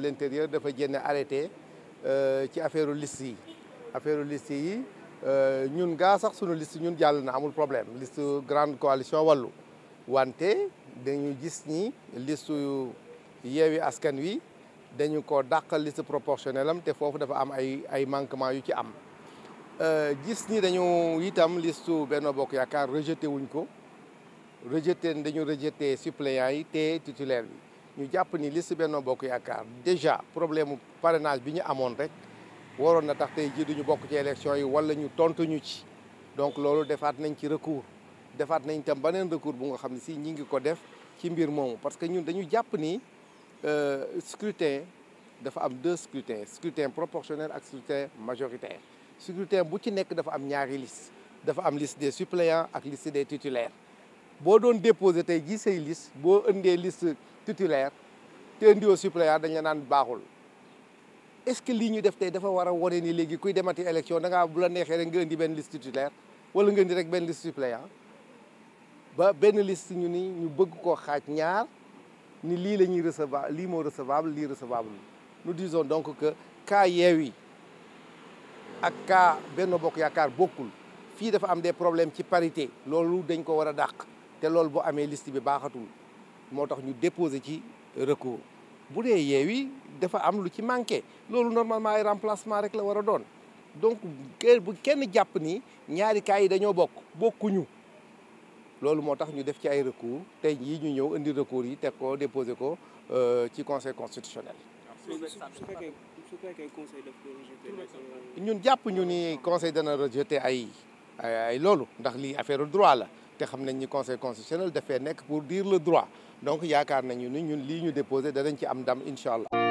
l'intérieur dafa génne arrêté euh, ci affaire list yi affaire liste yi euh, ñun gaa sax sunu liste ñun jàll na amul problème liste grande coalition wàllu wante dañu gis ni listu yeewi askan wi dañu ko dàqal liste proportionnelle am te foofu dafa am ay ay manquement yu ci am euh, gis ni dañu itam listu Benno Bokk Yaakaar rejeté wuñ ko rejeté dañu rejeté suppléant yi te titulaire bi ñu jàpp ni liste Benno Bokk Yaakaar déjà problème parenage bi ñu amoon rek waroon na tax tey jii ñu bokk ci élection yi wala ñu tontu ñu ci donc loolu defaat nañ ci recours defaat nañ tam beneen recours bu nga xam ne si ñi ngi ko def ci mbir moomu parce que ñun dañu jàpp ni euh, scrutin dafa am deux scrutins scrutin proportionnel ak scrutin majoritaire scrutin bu ci nekk dafa am ñaari liste dafa am liste des suppléants ak liste des titulaires boo doon déposé tey jii say liste boo indee liste titulaire te indiwoo suppléant dañ la naan baaxul est-ce que lii ñu def tey dafa war a wane ni léegi kuy demati élection da ngaa bu la neexee rek nga indi benn liste titulaire wala nga indi rek benn liste suppléant ba benn list ñu ni ñu bëgg koo xaaj ñaar ni lii la ñuy recevable lii moo recevable lii recevable nous disons donc que cas Yewwi ak kaa benn Bokk Yaakaar bokkul fii dafa am des problème ci parité loolu dañ ko war a dàq te loolu boo amee list bi baaxatul moo tax ñu déposé ci recours bu dee Yewwi dafa am lu ci manqué loolu normalement ay remplacement rek la war a doon donc bu kenn jàpp ni ñaari cas yi dañoo bokk bokkuñu loolu moo tax ñu def ci ay recours tey jii ñu ñëw indi recours yi teg ko déposé ko euh, ci conseil constitutionnel. ñun jàpp ñu ni conseil dana rejeté ay ay loolu ndax lii affaire droit la. te xam nañ ni conseil constitutionnel dafay nekk pour dire le droit donc yaakaar nañu ni ñun lii ñu déposé danañ ci am ndam incha allah.